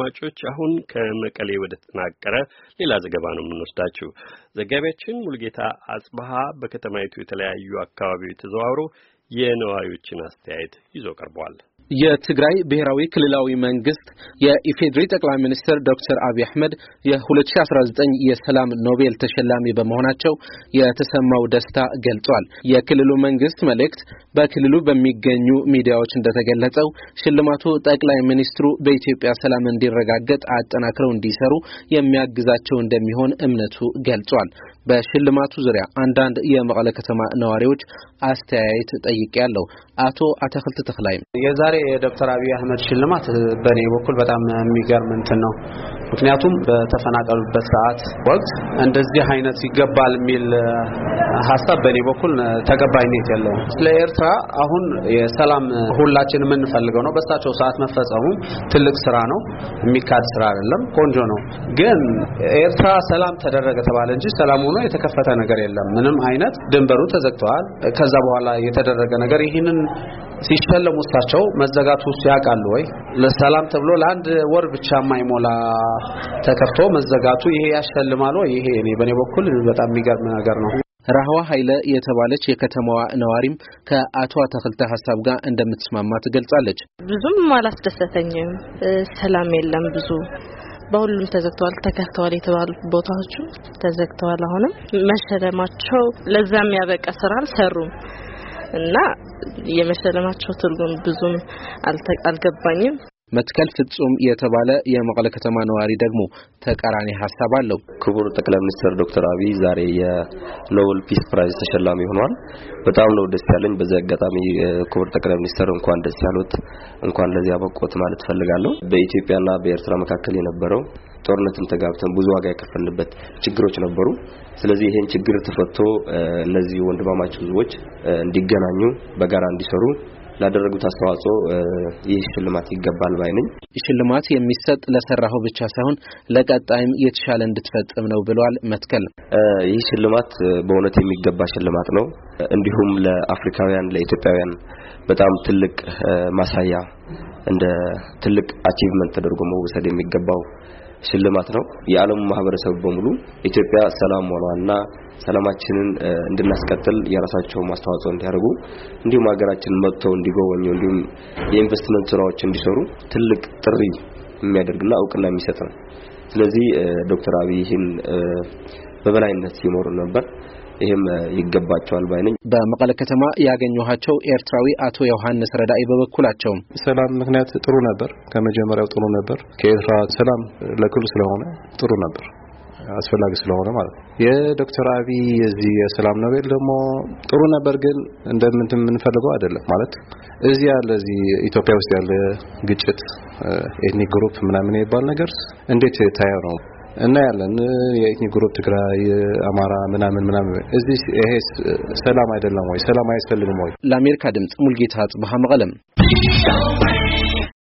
አድማጮች አሁን ከመቀሌ ወደ ተጠናቀረ ሌላ ዘገባ ነው የምንወስዳችሁ። ዘጋቢያችን ሙልጌታ አጽብሃ በከተማይቱ የተለያዩ አካባቢዎች ተዘዋውሮ የነዋሪዎችን አስተያየት ይዞ ቀርቧል። የትግራይ ብሔራዊ ክልላዊ መንግስት የኢፌዴሪ ጠቅላይ ሚኒስትር ዶክተር አብይ አህመድ የ2019 የሰላም ኖቤል ተሸላሚ በመሆናቸው የተሰማው ደስታ ገልጿል። የክልሉ መንግስት መልእክት በክልሉ በሚገኙ ሚዲያዎች እንደተገለጸው ሽልማቱ ጠቅላይ ሚኒስትሩ በኢትዮጵያ ሰላም እንዲረጋገጥ አጠናክረው እንዲሰሩ የሚያግዛቸው እንደሚሆን እምነቱ ገልጿል። በሽልማቱ ዙሪያ አንዳንድ የመቀለ ከተማ ነዋሪዎች አስተያየት ጠይቄያለሁ። አቶ አተክልት ተክላይም የዛሬ የዶክተር አብይ አህመድ ሽልማት በእኔ በኩል በጣም የሚገርም እንትን ነው። ምክንያቱም በተፈናቀሉበት ሰዓት ወቅት እንደዚህ አይነት ይገባል የሚል ሀሳብ በእኔ በኩል ተቀባይነት የለውም። ስለ ኤርትራ አሁን የሰላም ሁላችን የምንፈልገው ነው። በሳቸው ሰዓት መፈጸሙ ትልቅ ስራ ነው፣ የሚካድ ስራ አይደለም፣ ቆንጆ ነው። ግን ኤርትራ ሰላም ተደረገ ተባለ እንጂ ሰላም ሆኖ የተከፈተ ነገር የለም። ምንም አይነት ድንበሩ ተዘግተዋል። ከዛ በኋላ የተደረገ ነገር ይህንን ሲሸለሙ እሳቸው መዘጋቱ ውስጥ ያውቃሉ ወይ? ለሰላም ተብሎ ለአንድ ወር ብቻ የማይሞላ ተከፍቶ መዘጋቱ ይሄ ያሸልማል ወይ? ይሄ እኔ በእኔ በኩል በጣም የሚገርም ነገር ነው። ራህዋ ኃይለ የተባለች የከተማዋ ነዋሪም ከአቶ አተክልተ ሀሳብ ጋር እንደምትስማማ ትገልጻለች። ብዙም አላስደሰተኝም። ሰላም የለም ብዙ በሁሉም ተዘግተዋል። ተከፍተዋል የተባሉት ቦታዎቹ ተዘግተዋል። አሁንም መሸለማቸው ለዛ የሚያበቃ ስራ አልሰሩም። እና የመሸለማቸው ትርጉም ብዙም አልገባኝም። መትከል ፍጹም የተባለ የመቀለ ከተማ ነዋሪ ደግሞ ተቃራኒ ሀሳብ አለው። ክቡር ጠቅላይ ሚኒስትር ዶክተር አብይ ዛሬ የኖቤል ፒስ ፕራይዝ ተሸላሚ ሆኗል። በጣም ነው ደስ ያለኝ። በዚህ አጋጣሚ ክቡር ጠቅላይ ሚኒስትር እንኳን ደስ ያሉት፣ እንኳን ለዚህ አበቆት ማለት ፈልጋለሁ። በኢትዮጵያና በኤርትራ መካከል የነበረው ጦርነትን ተጋብተን ብዙ ዋጋ የከፈልንበት ችግሮች ነበሩ። ስለዚህ ይሄን ችግር ተፈቶ እነዚህ ወንድማማች ህዝቦች እንዲገናኙ በጋራ እንዲሰሩ ላደረጉት አስተዋጽኦ ይህ ሽልማት ይገባል ባይ ነኝ። ሽልማት የሚሰጥ ለሰራሁ ብቻ ሳይሆን ለቀጣይም የተሻለ እንድትፈጽም ነው ብሏል መትከል። ይህ ሽልማት በእውነት የሚገባ ሽልማት ነው። እንዲሁም ለአፍሪካውያን፣ ለኢትዮጵያውያን በጣም ትልቅ ማሳያ እንደ ትልቅ አቺቭመንት ተደርጎ መወሰድ የሚገባው ሽልማት ነው። የዓለሙ ማህበረሰብ በሙሉ ኢትዮጵያ ሰላም ሆኗልና ሰላማችንን እንድናስቀጥል የራሳቸውን ማስተዋጽኦ እንዲያደርጉ እንዲሁም ሀገራችን መጥተው እንዲጎበኙ እንዲሁም የኢንቨስትመንት ስራዎች እንዲሰሩ ትልቅ ጥሪ የሚያደርግና እውቅና የሚሰጥ ነው። ስለዚህ ዶክተር አብይ ይህን በበላይነት ሲኖሩ ነበር። ይህም ይገባቸዋል ባይ ነኝ። በመቀለ ከተማ ያገኘኋቸው ኤርትራዊ አቶ ዮሐንስ ረዳኢ በበኩላቸው ሰላም ምክንያት ጥሩ ነበር፣ ከመጀመሪያው ጥሩ ነበር። ከኤርትራ ሰላም ለክሉ ስለሆነ ጥሩ ነበር አስፈላጊ ስለሆነ ማለት ነው። የዶክተር አብይ የዚህ የሰላም ኖቤል ደግሞ ጥሩ ነበር፣ ግን እንደምንትን የምንፈልገው አይደለም ማለት እዚህ ያለ እዚህ ኢትዮጵያ ውስጥ ያለ ግጭት ኤትኒክ ግሩፕ ምናምን የሚባል ነገር እንዴት ታየው ነው እና ያለን የኢትኒክ ግሩፕ ትግራይ፣ አማራ ምናምን ምናምን እዚህ ይሄ ሰላም አይደለም ወይ? ሰላም አያስፈልግም ወይ? ለአሜሪካ ድምጽ ሙልጌታ አጽብሃ መቀለም